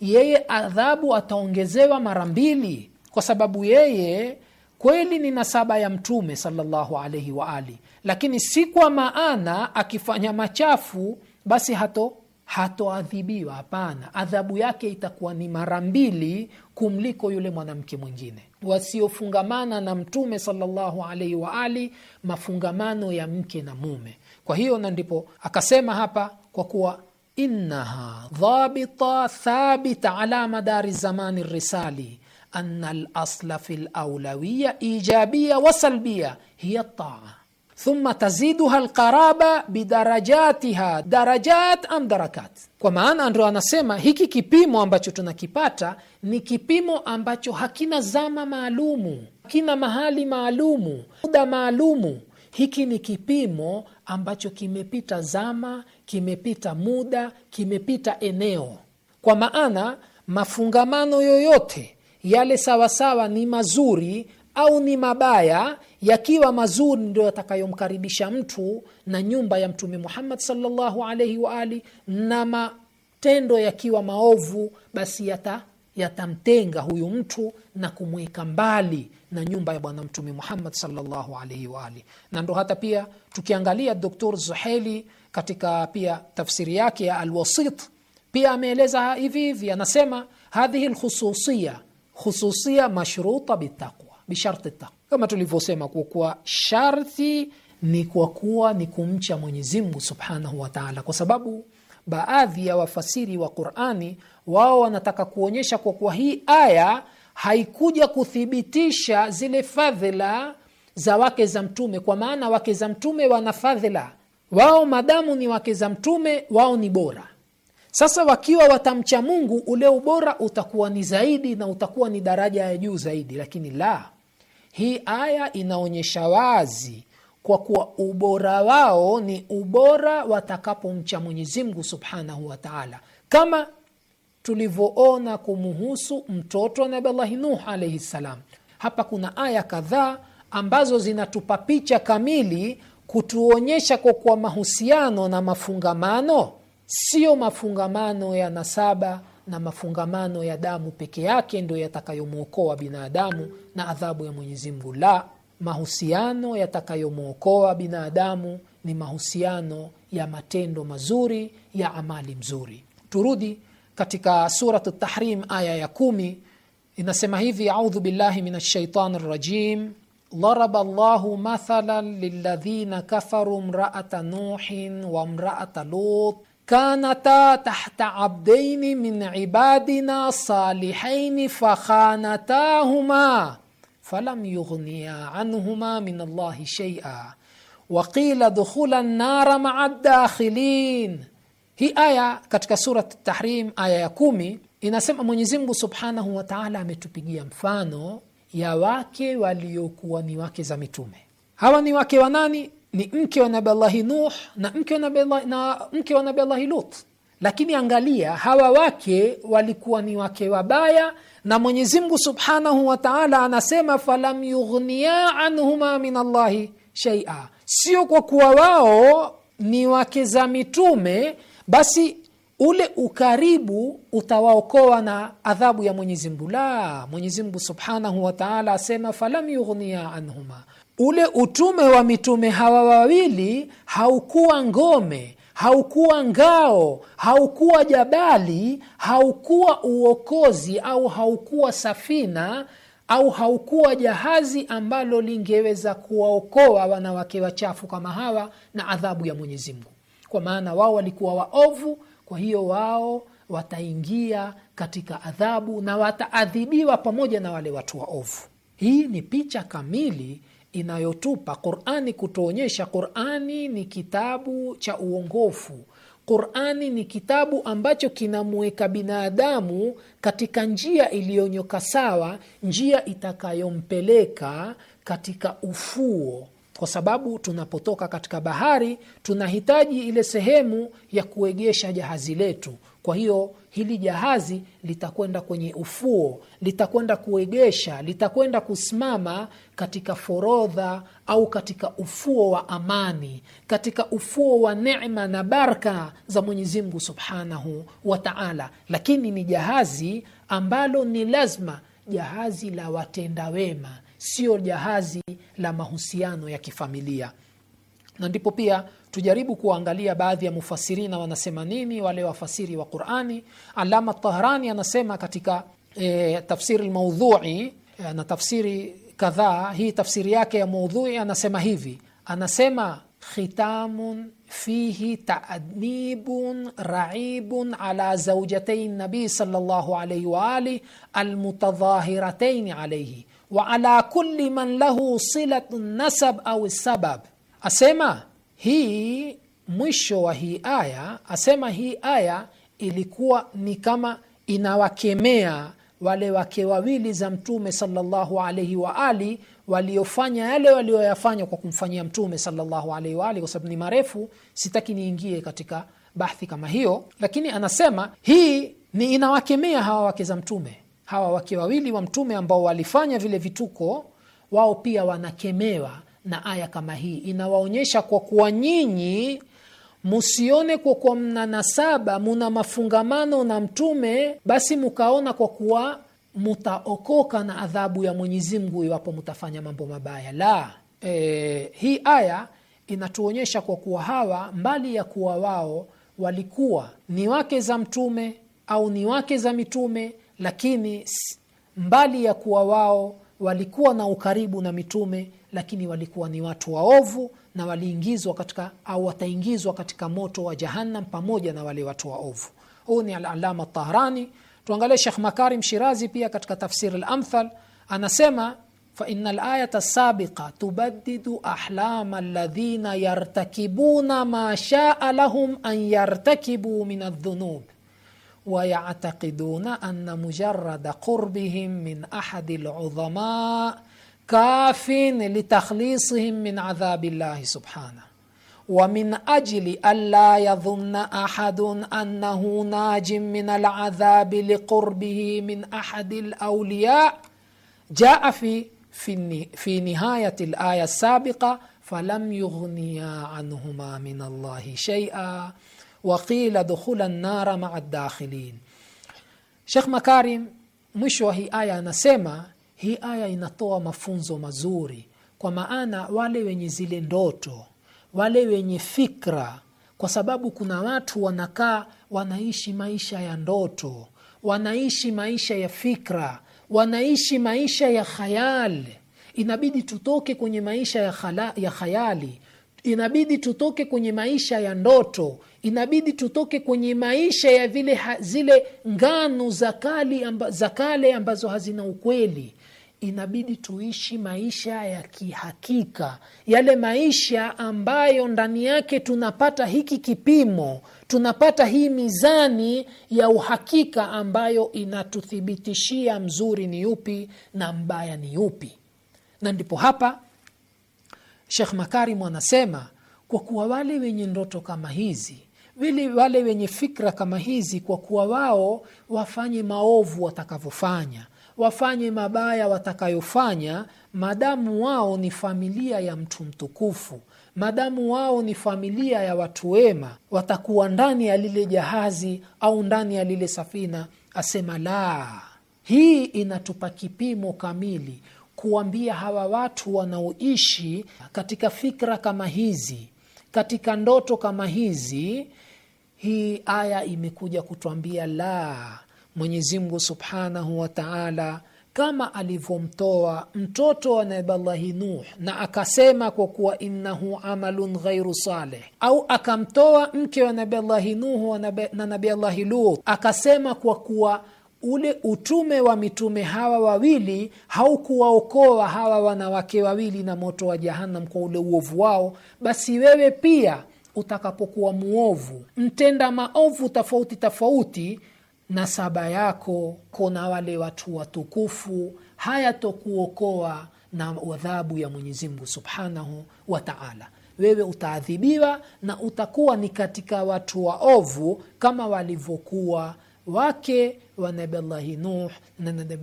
yeye adhabu ataongezewa mara mbili, kwa sababu yeye kweli ni nasaba ya Mtume sallallahu alaihi wa ali, lakini si kwa maana akifanya machafu basi hato hatoadhibiwa. Hapana, adhabu yake itakuwa ni mara mbili kumliko yule mwanamke mwingine. Wasiofungamana na Mtume sallallahu alaihi wa ali, mafungamano ya mke na mume. Kwa hiyo na ndipo akasema hapa kwa kuwa innaha dhabita thabita ala madari zamani risali anna lasla fi laulawiya ijabia wa salbia hiya taa thumma taziduha alqaraba bidarajatiha darajat am darakat. Kwa maana ndo anasema hiki kipimo ambacho tunakipata ni kipimo ambacho hakina zama maalumu, hakina mahali maalumu, muda maalumu. Hiki ni kipimo ambacho kimepita zama, kimepita muda, kimepita eneo. Kwa maana mafungamano yoyote yale sawasawa ni mazuri au ni mabaya yakiwa mazuri ndio yatakayomkaribisha mtu na nyumba ya mtume Muhammad sallallahu alaihi wa ali, na matendo yakiwa maovu basi yata yatamtenga huyu mtu na kumweka mbali na nyumba ya bwana mtume Muhammad sallallahu alaihi wa ali. Na ndo hata pia tukiangalia Dr. Zuheli katika pia tafsiri yake ya Alwasit pia ameeleza hivi hivi, anasema hadhihi lkhususia khususia mashruta bitaqwa bisharti ta, kama tulivyosema, kwa kuwa sharti ni kwa kuwa ni kumcha Mwenyezi Mungu subhanahu wa taala, kwa sababu baadhi ya wafasiri wa Qurani wao wanataka kuonyesha kwa kuwa hii aya haikuja kuthibitisha zile fadhila za wake za Mtume, kwa maana wake za Mtume wana fadhila wao, madamu ni wake za Mtume wao ni bora. Sasa wakiwa watamcha Mungu, ule ubora utakuwa ni zaidi na utakuwa ni daraja ya juu zaidi, lakini la hii aya inaonyesha wazi kwa kuwa ubora wao ni ubora watakapomcha Mwenyezi Mungu subhanahu wa taala, kama tulivyoona kumuhusu mtoto wa Nabillahi Nuh alaihi ssalam. Hapa kuna aya kadhaa ambazo zinatupa picha kamili kutuonyesha kwa kuwa mahusiano na mafungamano sio mafungamano ya nasaba na mafungamano ya damu peke yake ndio yatakayomwokoa binadamu na adhabu ya Mwenyezi Mungu. La, mahusiano yatakayomwokoa binadamu ni mahusiano ya matendo mazuri ya amali mzuri. Turudi katika Surat Tahrim aya ya kumi, inasema hivi: audhu billahi min shaitani rajim daraba llahu mathalan liladhina kafaru mraata nuhin wa mraata lut kanata tahta abdaini min ibadina salihaini fakhanatahuma falam yughniya anhuma min allahi shaia waqila dukhula nara maa dakhilin hii aya katika surat tahrim aya ya kumi inasema mwenyezimngu subhanahu wataala ametupigia mfano ya wake waliokuwa ni wake za mitume hawa ni wake wa nani ni mke wa Nabii Allah Nuh na mke wa Nabii na mke wa Nabii Allah Lut. Lakini angalia hawa wake walikuwa ni wake wabaya, na Mwenyezi Mungu Subhanahu wa Ta'ala anasema falam yughniya anhuma min Allahi shay'a, sio kwa kuwa wao ni wake za mitume basi ule ukaribu utawaokoa na adhabu ya Mwenyezi Mungu. La, Mwenyezi Mungu Subhanahu wa Ta'ala asema falam yughniya anhuma ule utume wa mitume hawa wawili haukuwa ngome haukuwa ngao haukuwa jabali haukuwa uokozi au haukuwa safina au haukuwa jahazi ambalo lingeweza kuwaokoa wanawake wachafu kama hawa na adhabu ya mwenyezi mungu kwa maana wao walikuwa waovu kwa hiyo wao wataingia katika adhabu na wataadhibiwa pamoja na wale watu waovu hii ni picha kamili inayotupa Qurani, kutuonyesha Qurani ni kitabu cha uongofu. Qurani ni kitabu ambacho kinamweka binadamu katika njia iliyonyoka sawa, njia itakayompeleka katika ufuo, kwa sababu tunapotoka katika bahari tunahitaji ile sehemu ya kuegesha jahazi letu. Kwa hiyo hili jahazi litakwenda kwenye ufuo, litakwenda kuegesha, litakwenda kusimama katika forodha au katika ufuo wa amani, katika ufuo wa nema na baraka za mwenyezimgu subhanahu wa taala. Lakini ni jahazi ambalo ni lazima, jahazi la watenda wema, sio jahazi la mahusiano ya kifamilia, na ndipo pia tujaribu kuangalia baadhi ya mufasirina wanasema nini wale wafasiri wa Qurani. Alama Tahrani anasema katika e, tafsiri lmaudhui e, na tafsiri kadhaa, hii tafsiri yake ya maudhui anasema hivi, anasema khitamun fihi taadnibun raibun ala zaujatai nabii sallallahu alayhi wa alihi almutadhahirataini alayhi wa ala kulli man lahu silatu nasab au sabab, asema hii mwisho wa hii aya asema hii aya ilikuwa ni kama inawakemea wale wake wawili za Mtume salallahu alaihi wa ali waliofanya yale walioyafanya kwa kumfanyia Mtume salallahu alaihi waali kwa sababu ni marefu, sitaki niingie katika bahthi kama hiyo, lakini anasema hii ni inawakemea hawa wake za Mtume, hawa wake wawili wa Mtume ambao walifanya vile vituko, wao pia wanakemewa na aya kama hii inawaonyesha kwa kuwa nyinyi musione kwa kuwa mna nasaba, muna mafungamano na Mtume, basi mukaona kwa kuwa mutaokoka na adhabu ya Mwenyezi Mungu iwapo mutafanya mambo mabaya. La, e, hii aya inatuonyesha kwa kuwa hawa mbali ya kuwa wao walikuwa ni wake za Mtume au ni wake za mitume, lakini mbali ya kuwa wao walikuwa na ukaribu na mitume lakini walikuwa ni watu waovu na waliingizwa katika au wataingizwa katika moto wa Jahannam pamoja na wale watu waovu. Huu ni Al-Allama Tahrani. Tuangalie Sheikh Makarim Shirazi pia katika Tafsir Al-Amthal anasema fa innal ayata sabiqa tubaddidu ahlama alladhina yartakibuna ma shaa lahum an yartakibu min adh-dhunub ويعتقدون أن مجرد قربهم من أحد العظماء كاف لتخليصهم من عذاب الله سبحانه ومن أجل ألا يظن أحد أنه ناج من العذاب لقربه من أحد الأولياء جاء في في في نهاية الآية السابقة فلم يغنيا عنهما من الله شيئا وقيل دخول النار مع الداخلين شيخ مكارم مش وهي ايه نسيمه Hii aya inatoa mafunzo mazuri, kwa maana wale wenye zile ndoto, wale wenye fikra, kwa sababu kuna watu wanakaa wanaishi maisha ya ndoto, wanaishi maisha ya fikra, wanaishi maisha ya khayali. Inabidi tutoke kwenye maisha ya, khala, ya khayali inabidi tutoke kwenye maisha ya ndoto, inabidi tutoke kwenye maisha ya vile ha, zile ngano za kale amba, za kale ambazo hazina ukweli, inabidi tuishi maisha ya kihakika, yale maisha ambayo ndani yake tunapata hiki kipimo, tunapata hii mizani ya uhakika ambayo inatuthibitishia mzuri ni upi na mbaya ni upi Na ndipo hapa Shekh Makarim anasema kwa kuwa wale wenye ndoto kama hizi vile wale wenye fikra kama hizi, kwa kuwa wao wafanye maovu watakavyofanya, wafanye mabaya watakayofanya, madamu wao ni familia ya mtu mtukufu, madamu wao ni familia ya watu wema, watakuwa ndani ya lile jahazi au ndani ya lile safina. Asema la, hii inatupa kipimo kamili kuambia hawa watu wanaoishi katika fikra kama hizi, katika ndoto kama hizi, hii aya imekuja kutwambia la Mwenyezi Mungu subhanahu wa taala kama alivyomtoa mtoto wa Nabillahi Nuh na akasema kwa kuwa innahu amalun ghairu saleh, au akamtoa mke wa Nabillahi Nuh na Nabillahi Lut akasema kwa kuwa ule utume wa mitume hawa wawili haukuwaokoa hawa wanawake wawili na moto wa Jahannam kwa ule uovu wao, basi wewe pia utakapokuwa muovu, mtenda maovu tofauti tofauti nasaba yako kona wale watu watukufu hayatokuokoa na adhabu ya Mwenyezi Mungu Subhanahu wa Ta'ala. Wewe utaadhibiwa na utakuwa ni katika watu waovu kama walivyokuwa wake wa Nabillahi Nuh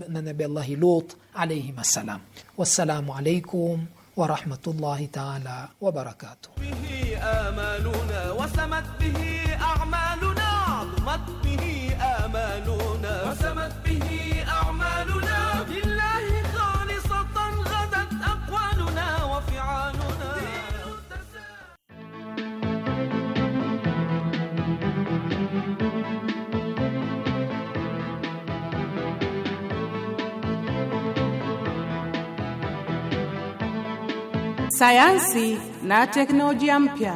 na Nabillahi Lut alaihim assalam. Wassalamu alaikum warahmatullahi ta'ala wabarakatuh. آمالنا وسمت به أعمالنا لله خالصة غدت أقوالنا وفعالنا sayansi na teknolojia mpya.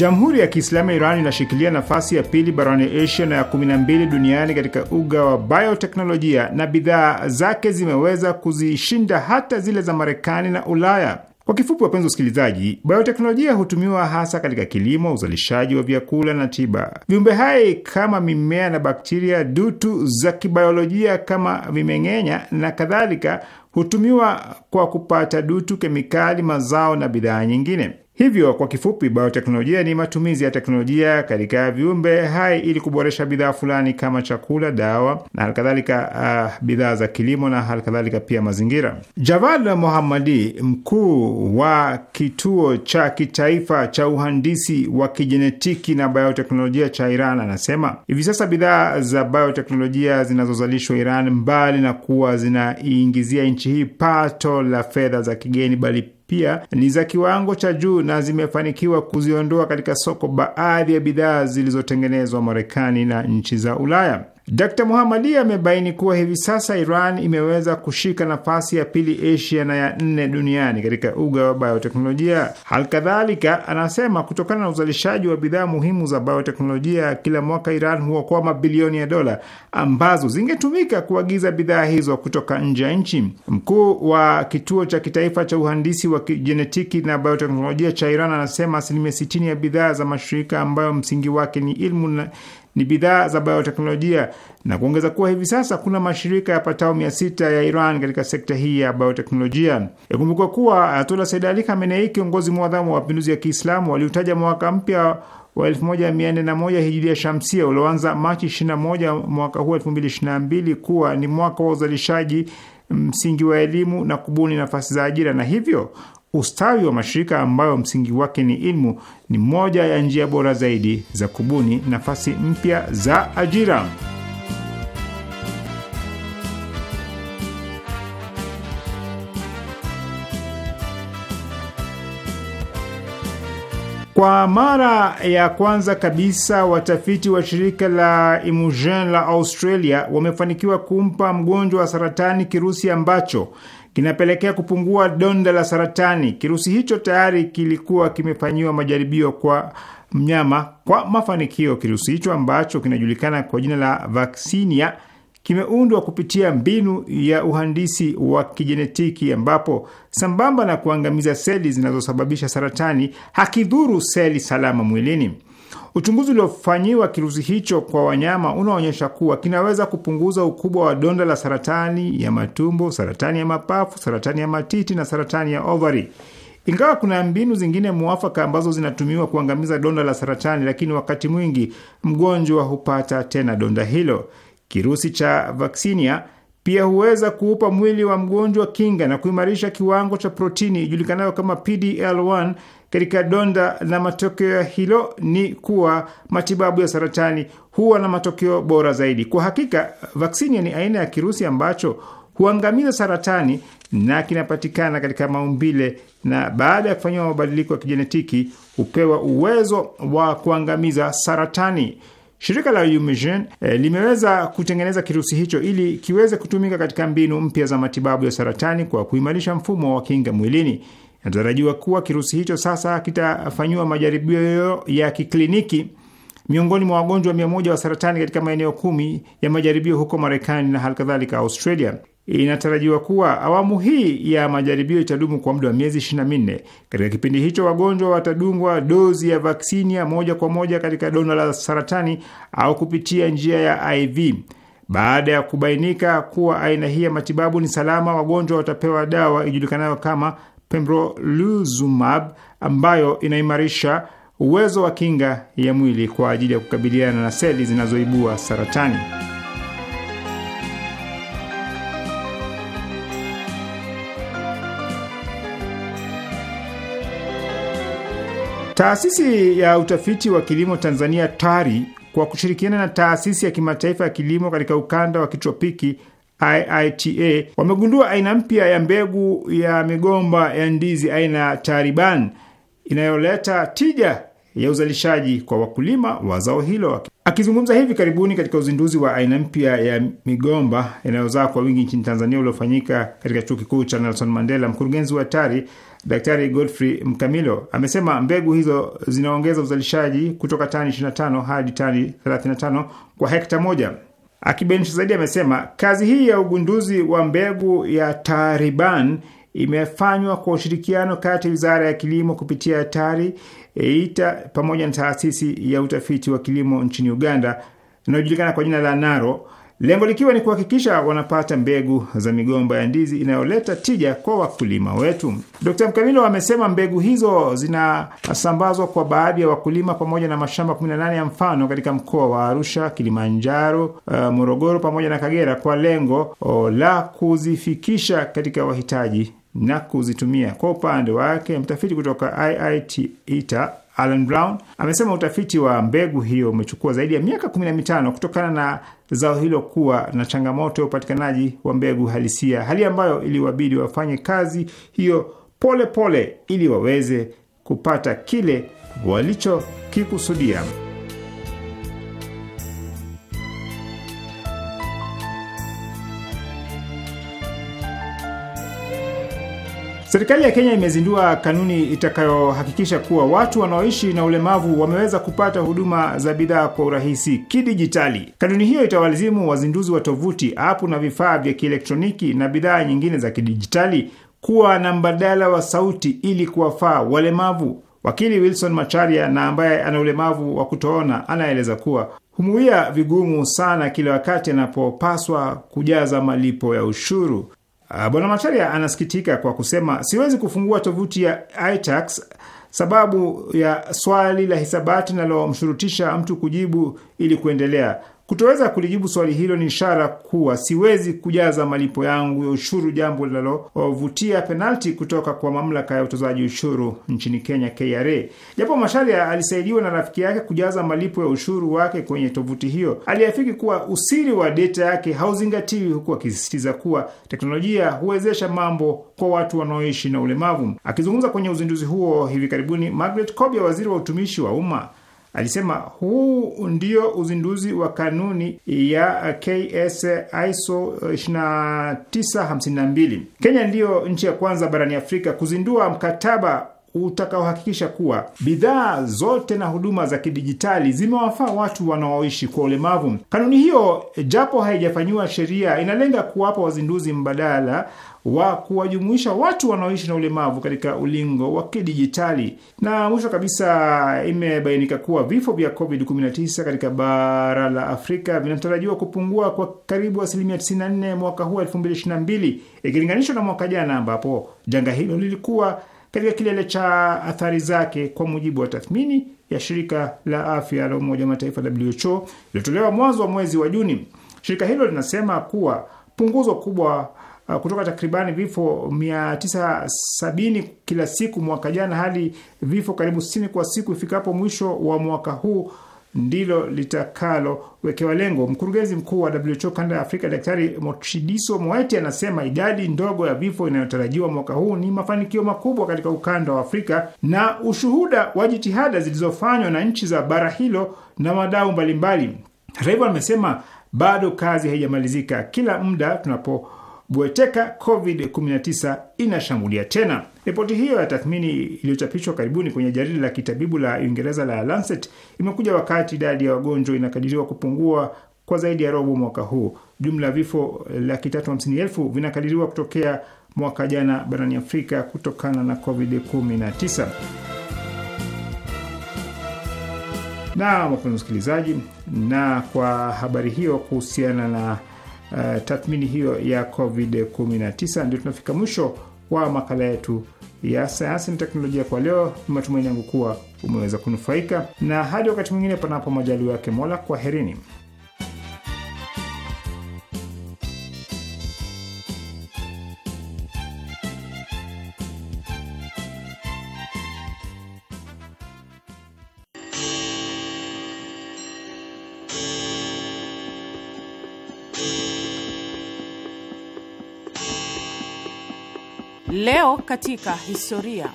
Jamhuri ya Kiislamu ya Iran inashikilia nafasi ya pili barani Asia na ya 12 duniani katika uga wa bioteknolojia na bidhaa zake zimeweza kuzishinda hata zile za Marekani na Ulaya. Kwa kifupi, wapenzi wasikilizaji, bioteknolojia hutumiwa hasa katika kilimo, uzalishaji wa vyakula na tiba. Viumbe hai kama mimea na bakteria, dutu za kibiolojia kama vimeng'enya na kadhalika, hutumiwa kwa kupata dutu, kemikali, mazao na bidhaa nyingine. Hivyo kwa kifupi, bioteknolojia ni matumizi ya teknolojia katika viumbe hai ili kuboresha bidhaa fulani kama chakula, dawa na halikadhalika, uh, ah, bidhaa za kilimo na halikadhalika pia mazingira. Javad Mohammadi, mkuu wa kituo cha kitaifa cha uhandisi wa kijenetiki na bioteknolojia cha Iran, anasema hivi sasa bidhaa za bioteknolojia zinazozalishwa Iran, mbali na kuwa zinaingizia nchi hii pato la fedha za kigeni, bali pia ni za kiwango cha juu na zimefanikiwa kuziondoa katika soko baadhi ya bidhaa zilizotengenezwa Marekani na nchi za Ulaya. Dr Muhamadi amebaini kuwa hivi sasa Iran imeweza kushika nafasi ya pili Asia na ya nne duniani katika uga wa bioteknolojia. Halikadhalika, anasema kutokana na uzalishaji wa bidhaa muhimu za bioteknolojia kila mwaka, Iran huokoa mabilioni ya dola ambazo zingetumika kuagiza bidhaa hizo kutoka nje ya nchi. Mkuu wa kituo cha kitaifa cha uhandisi wa kijenetiki na bioteknolojia cha Iran anasema asilimia sitini ya bidhaa za mashirika ambayo msingi wake ni ilmu na ni bidhaa za bioteknolojia na kuongeza kuwa hivi sasa kuna mashirika ya patao mia sita ya Iran katika sekta hii ya bioteknolojia. yakumbuka kuwa Ayatullah Said Ali Khamenei, kiongozi mwadhamu wa mapinduzi ya Kiislamu, aliutaja mwaka mpya wa 1401 hijiria shamsia ulioanza Machi 21 mwaka huu 2022 kuwa ni mwaka wa uzalishaji msingi wa elimu na kubuni nafasi za ajira na hivyo ustawi wa mashirika ambayo msingi wake ni ilmu ni moja ya njia bora zaidi za kubuni nafasi mpya za ajira. Kwa mara ya kwanza kabisa watafiti wa shirika la Imugen la Australia wamefanikiwa kumpa mgonjwa wa saratani kirusi ambacho kinapelekea kupungua donda la saratani. Kirusi hicho tayari kilikuwa kimefanyiwa majaribio kwa mnyama kwa mafanikio. Kirusi hicho ambacho kinajulikana kwa jina la Vaksinia kimeundwa kupitia mbinu ya uhandisi wa kijenetiki ambapo sambamba na kuangamiza seli zinazosababisha saratani hakidhuru seli salama mwilini. Uchunguzi uliofanyiwa kirusi hicho kwa wanyama unaonyesha kuwa kinaweza kupunguza ukubwa wa donda la saratani ya matumbo, saratani ya mapafu, saratani ya matiti na saratani ya ovari. Ingawa kuna mbinu zingine mwafaka ambazo zinatumiwa kuangamiza donda la saratani, lakini wakati mwingi mgonjwa hupata tena donda hilo. Kirusi cha vaksinia pia huweza kuupa mwili wa mgonjwa kinga na kuimarisha kiwango cha protini ijulikanayo kama PDL1 katika donda na matokeo ya hilo ni kuwa matibabu ya saratani huwa na matokeo bora zaidi. Kwa hakika, vaksinia ni aina ya kirusi ambacho huangamiza saratani na kinapatikana katika maumbile, na baada ya kufanyiwa mabadiliko ya kijenetiki hupewa uwezo wa kuangamiza saratani. Shirika la Eumedion eh, limeweza kutengeneza kirusi hicho ili kiweze kutumika katika mbinu mpya za matibabu ya saratani kwa kuimarisha mfumo wa kinga mwilini. Inatarajiwa kuwa kirusi hicho sasa kitafanyiwa majaribio ya kikliniki miongoni mwa wagonjwa mia moja wa saratani katika maeneo kumi ya majaribio huko Marekani na kadhalika Australia. Inatarajiwa kuwa awamu hii ya majaribio itadumu kwa muda wa miezi 24. Katika kipindi hicho, wagonjwa watadungwa dozi ya vaksini ya moja kwa moja katika dona la saratani au kupitia njia ya IV. Baada ya kubainika kuwa aina hii ya matibabu ni salama, wagonjwa watapewa dawa ijulikanayo kama pembrolizumab ambayo inaimarisha uwezo wa kinga ya mwili kwa ajili ya kukabiliana na seli zinazoibua saratani. Taasisi ya utafiti wa kilimo Tanzania TARI kwa kushirikiana na taasisi ya kimataifa ya kilimo katika ukanda wa kitropiki IITA wamegundua aina mpya ya mbegu ya migomba ya ndizi aina ya Tariban inayoleta tija ya uzalishaji kwa wakulima wa zao hilo. Akizungumza hivi karibuni katika uzinduzi wa aina mpya ya migomba inayozaa kwa wingi nchini Tanzania uliofanyika katika chuo kikuu cha Nelson Mandela, mkurugenzi wa TARI Daktari Godfrey Mkamilo amesema mbegu hizo zinaongeza uzalishaji kutoka tani 25 hadi tani 35 kwa hekta moja. Akibainisha zaidi, amesema kazi hii ya ugunduzi wa mbegu ya Tariban imefanywa kwa ushirikiano kati ya wizara ya kilimo kupitia TARI EITA pamoja na taasisi ya utafiti wa kilimo nchini Uganda inayojulikana kwa jina la NARO lengo likiwa ni kuhakikisha wanapata mbegu za migomba ya ndizi inayoleta tija kwa wakulima wetu. Dkt Mkamilo amesema mbegu hizo zinasambazwa kwa baadhi ya wakulima pamoja na mashamba 18 ya mfano katika mkoa wa Arusha, Kilimanjaro, uh, Morogoro pamoja na Kagera kwa lengo o, oh, la kuzifikisha katika wahitaji na kuzitumia. Kwa upande wake mtafiti kutoka IIT ITA Alan Brown amesema utafiti wa mbegu hiyo umechukua zaidi ya miaka kumi na mitano kutokana na zao hilo kuwa na changamoto ya upatikanaji wa mbegu halisia, hali ambayo iliwabidi wafanye kazi hiyo polepole pole ili waweze kupata kile walichokikusudia. Serikali ya Kenya imezindua kanuni itakayohakikisha kuwa watu wanaoishi na ulemavu wameweza kupata huduma za bidhaa kwa urahisi kidijitali. Kanuni hiyo itawalazimu wazinduzi wa tovuti, apu na vifaa vya kielektroniki na bidhaa nyingine za kidijitali kuwa na mbadala wa sauti ili kuwafaa walemavu. Wakili Wilson Macharia na ambaye ana ulemavu wa kutoona anaeleza kuwa humuia vigumu sana kila wakati anapopaswa kujaza malipo ya ushuru. Ah, Bwana Macharia anasikitika kwa kusema, siwezi kufungua tovuti ya iTax sababu ya swali la hisabati linalomshurutisha mtu kujibu ili kuendelea. Kutoweza kulijibu swali hilo ni ishara kuwa siwezi kujaza malipo yangu ya ushuru, jambo linalovutia penalti kutoka kwa mamlaka ya utozaji ushuru nchini Kenya, KRA. Japo Masharia alisaidiwa na rafiki yake kujaza malipo ya ushuru wake kwenye tovuti hiyo, aliafiki kuwa usiri wa data yake hauzingatiwi, huku akisisitiza kuwa teknolojia huwezesha mambo kwa watu wanaoishi na ulemavu. Akizungumza kwenye uzinduzi huo hivi karibuni, Margaret Kobia, waziri wa utumishi wa umma Alisema huu ndio uzinduzi wa kanuni ya KS ISO 2952. Kenya ndiyo nchi ya kwanza barani Afrika kuzindua mkataba utakaohakikisha kuwa bidhaa zote na huduma za kidijitali zimewafaa watu wanaoishi kwa ulemavu. Kanuni hiyo japo haijafanyiwa sheria, inalenga kuwapa wazinduzi mbadala wa kuwajumuisha watu wanaoishi na ulemavu katika ulingo wa kidijitali. Na mwisho kabisa, imebainika kuwa vifo vya COVID-19 katika bara la Afrika vinatarajiwa kupungua kwa karibu asilimia 94 mwaka huu 2022 ikilinganishwa na mwaka jana ambapo janga hilo lilikuwa katika kilele cha athari zake, kwa mujibu wa tathmini ya shirika la afya la Umoja wa Mataifa WHO iliyotolewa mwanzo wa mwezi wa Juni. Shirika hilo linasema kuwa punguzo kubwa Uh, kutoka takribani vifo 970 kila siku mwaka jana hadi vifo karibu 60 kwa siku ifikapo mwisho wa mwaka huu ndilo litakalowekewa lengo. Mkurugenzi mkuu wa WHO kanda ya Afrika, Daktari Motshidiso Moeti, anasema idadi ndogo ya vifo inayotarajiwa mwaka huu ni mafanikio makubwa katika ukanda wa Afrika na ushuhuda wa jitihada zilizofanywa na nchi za bara hilo na wadau mbalimbali. Hata hivyo, amesema bado kazi haijamalizika. Kila muda tunapo bweteka COVID-19 inashambulia tena. Ripoti hiyo ya tathmini iliyochapishwa karibuni kwenye jarida la kitabibu la Uingereza la Lancet imekuja wakati idadi ya wagonjwa inakadiriwa kupungua kwa zaidi ya robo mwaka huu. Jumla ya vifo laki tatu hamsini elfu vinakadiriwa kutokea mwaka jana barani Afrika kutokana na COVID-19. Na wapenzi msikilizaji, na kwa habari hiyo kuhusiana na Eh, tathmini hiyo ya COVID-19, ndio tunafika mwisho wa makala yetu ya sayansi na teknolojia kwa leo. Ni matumaini yangu kuwa umeweza kunufaika, na hadi wakati mwingine, panapo majaliwa yake Mola, kwaherini. Leo katika historia.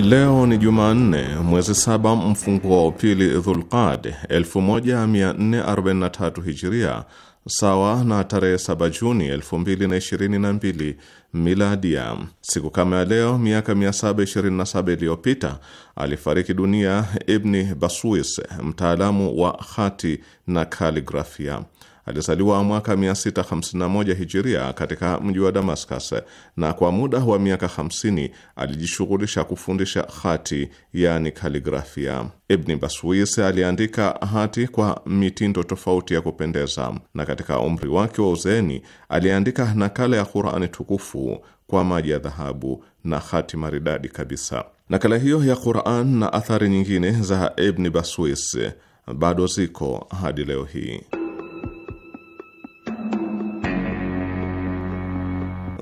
Leo ni Jumanne, mwezi saba mfunguo wa pili Dhulqad 1443 Hijiria, sawa na tarehe 7 Juni 2022 miladia. Siku kama ya leo miaka 727 iliyopita alifariki dunia Ibni Baswis, mtaalamu wa hati na kaligrafia. Alizaliwa mwaka 651 hijiria katika mji wa Damascus, na kwa muda wa miaka 50 alijishughulisha kufundisha hati, yani kaligrafia. Ibni Baswis aliandika hati kwa mitindo tofauti ya kupendeza, na katika umri wake wa uzeeni aliandika nakala ya Qurani tukufu kwa maji ya dhahabu na hati maridadi kabisa. Nakala hiyo ya Quran na athari nyingine za Ibni Baswis bado ziko hadi leo hii.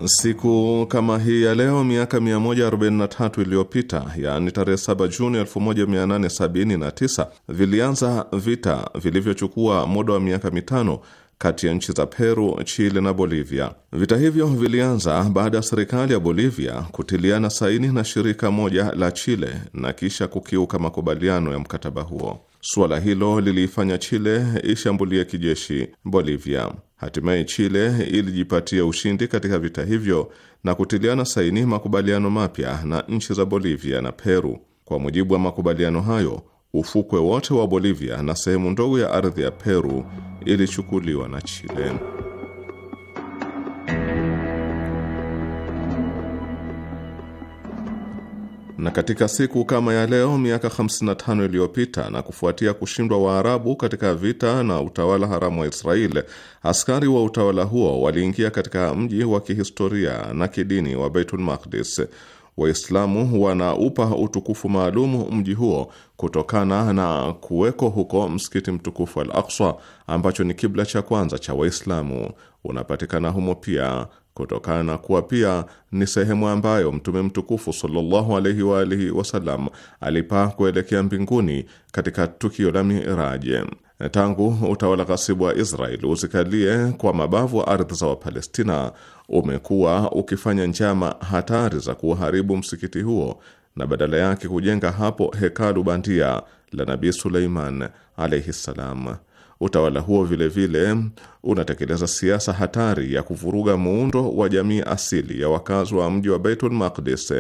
Siku kama hii ya leo miaka 143 iliyopita, yaani tarehe 7 Juni 1879, vilianza vita vilivyochukua muda wa miaka mitano kati ya nchi za Peru, Chile na Bolivia. Vita hivyo vilianza baada ya serikali ya Bolivia kutiliana saini na shirika moja la Chile na kisha kukiuka makubaliano ya mkataba huo. Suala hilo liliifanya Chile ishambulie kijeshi Bolivia. Hatimaye Chile ilijipatia ushindi katika vita hivyo na kutiliana saini makubaliano mapya na nchi za Bolivia na Peru. Kwa mujibu wa makubaliano hayo, ufukwe wote wa Bolivia na sehemu ndogo ya ardhi ya Peru ilichukuliwa na Chile. Na katika siku kama ya leo miaka 55 iliyopita, na kufuatia kushindwa Waarabu katika vita na utawala haramu wa israel askari wa utawala huo waliingia katika mji wa kihistoria na kidini wa Baitul Maqdis. Waislamu wanaupa utukufu maalumu mji huo kutokana na kuweko huko msikiti mtukufu Al Aqsa, ambacho ni kibla cha kwanza cha Waislamu. Unapatikana humo pia kutokana na kuwa pia ni sehemu ambayo Mtume mtukufu sallallahu alaihi wa alihi wasallam alipaa kuelekea mbinguni katika tukio la miraji Tangu utawala ghasibu wa israel uzikalie kwa mabavu wa ardhi za Wapalestina, umekuwa ukifanya njama hatari za kuharibu msikiti huo na badala yake kujenga hapo hekalu bandia la Nabii Suleiman alaihi ssalam. Utawala huo vilevile vile unatekeleza siasa hatari ya kuvuruga muundo wa jamii asili ya wakazi wa mji wa Baitul Maqdis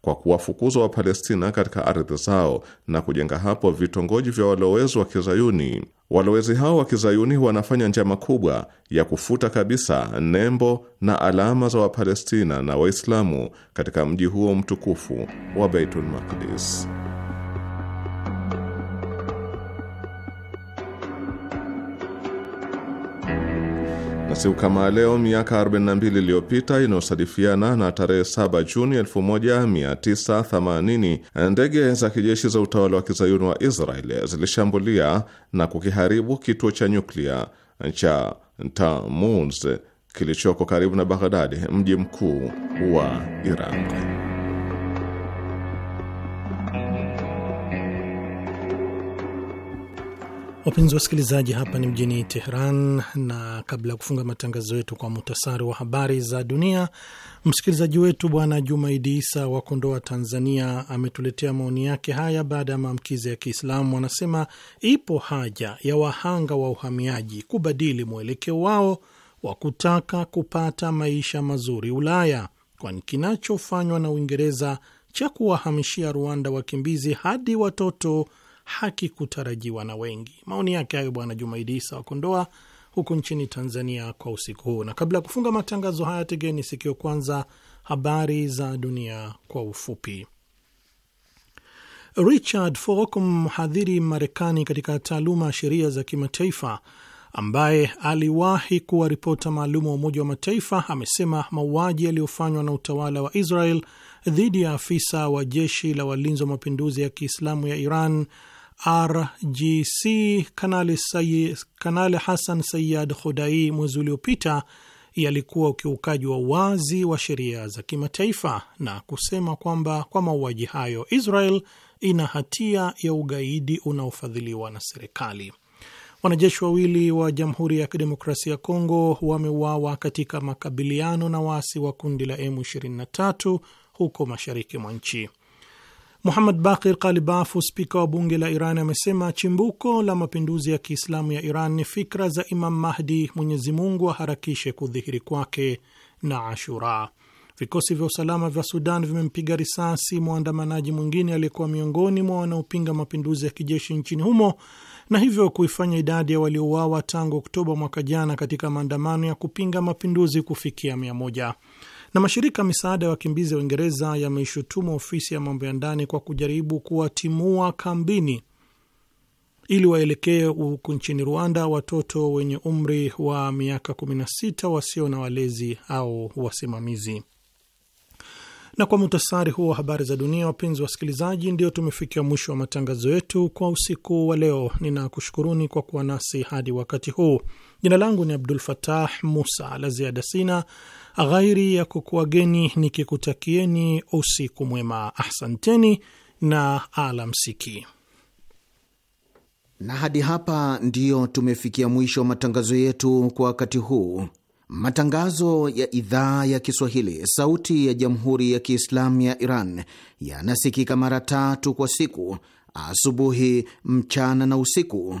kwa kuwafukuza Wapalestina katika ardhi zao na kujenga hapo vitongoji vya walowezi wa Kizayuni. Walowezi hao wa Kizayuni wanafanya njama kubwa ya kufuta kabisa nembo na alama za Wapalestina na Waislamu katika mji huo mtukufu wa Baitul Maqdis. na siku kama leo miaka 42 iliyopita inayosadifiana na tarehe 7 Juni 1980 ndege za kijeshi za utawala wa kizayuni wa israel zilishambulia na kukiharibu kituo cha nyuklia cha Tamuz kilichoko karibu na Baghdadi, mji mkuu wa Iraq. Wapenzi wasikilizaji, hapa ni mjini Teheran, na kabla ya kufunga matangazo yetu kwa muhtasari wa habari za dunia, msikilizaji wetu Bwana Jumaidi Isa wa Kondoa, Tanzania, ametuletea maoni yake haya baada ya maamkizi ya Kiislamu. Anasema ipo haja ya wahanga wa uhamiaji kubadili mwelekeo wao wa kutaka kupata maisha mazuri Ulaya, kwani kinachofanywa na Uingereza cha kuwahamishia Rwanda wakimbizi hadi watoto hakikutarajiwa na wengi. Maoni yake hayo Bwana Jumaidi Isa wa Kondoa huku nchini Tanzania kwa usiku huu. Na kabla ya kufunga matangazo haya, tegeni sikio kwanza habari za dunia kwa ufupi. Richard Falk, mhadhiri Marekani katika taaluma ya sheria za kimataifa ambaye aliwahi kuwa ripota maalum wa Umoja wa Mataifa, amesema mauaji yaliyofanywa na utawala wa Israel dhidi ya afisa wa jeshi la walinzi wa mapinduzi ya Kiislamu ya Iran RGC Kanali, Kanali Hassan Sayyad Khudai mwezi uliopita yalikuwa ukiukaji wa wazi wa sheria za kimataifa na kusema kwamba kwa mauaji hayo Israel ina hatia ya ugaidi unaofadhiliwa na serikali. Wanajeshi wawili wa Jamhuri ya Kidemokrasia ya Kongo wameuawa katika makabiliano na waasi wa kundi la M23 huko mashariki mwa nchi. Muhammad Bakir Kalibafu, spika wa bunge la Iran, amesema chimbuko la mapinduzi ya Kiislamu ya Iran ni fikra za Imam Mahdi, Mwenyezi Mungu aharakishe kudhihiri kwake, na Ashura. Vikosi vya usalama vya Sudan vimempiga risasi mwandamanaji mwingine aliyekuwa miongoni mwa wanaopinga mapinduzi ya kijeshi nchini humo na hivyo kuifanya idadi ya waliouawa tangu Oktoba mwaka jana katika maandamano ya kupinga mapinduzi kufikia mia moja. Na mashirika misaada ya wakimbizi ya Uingereza yameishutumu ofisi ya mambo ya ndani kwa kujaribu kuwatimua kambini ili waelekee huku nchini Rwanda watoto wenye umri wa miaka 16 wasio na walezi au wasimamizi. Na kwa muhtasari huo habari za dunia, wapenzi wasikilizaji, ndio tumefikia mwisho wa matangazo yetu kwa usiku wa leo. Ninakushukuruni kwa kuwa nasi hadi wakati huu. Jina langu ni Abdul Fatah Musa. La ziada sina ghairi ya kukuageni nikikutakieni usiku mwema. Ahsanteni na alamsiki. Na hadi hapa ndiyo tumefikia mwisho wa matangazo yetu kwa wakati huu. Matangazo ya idhaa ya Kiswahili sauti ya jamhuri ya Kiislamu ya Iran yanasikika mara tatu kwa siku: asubuhi, mchana na usiku.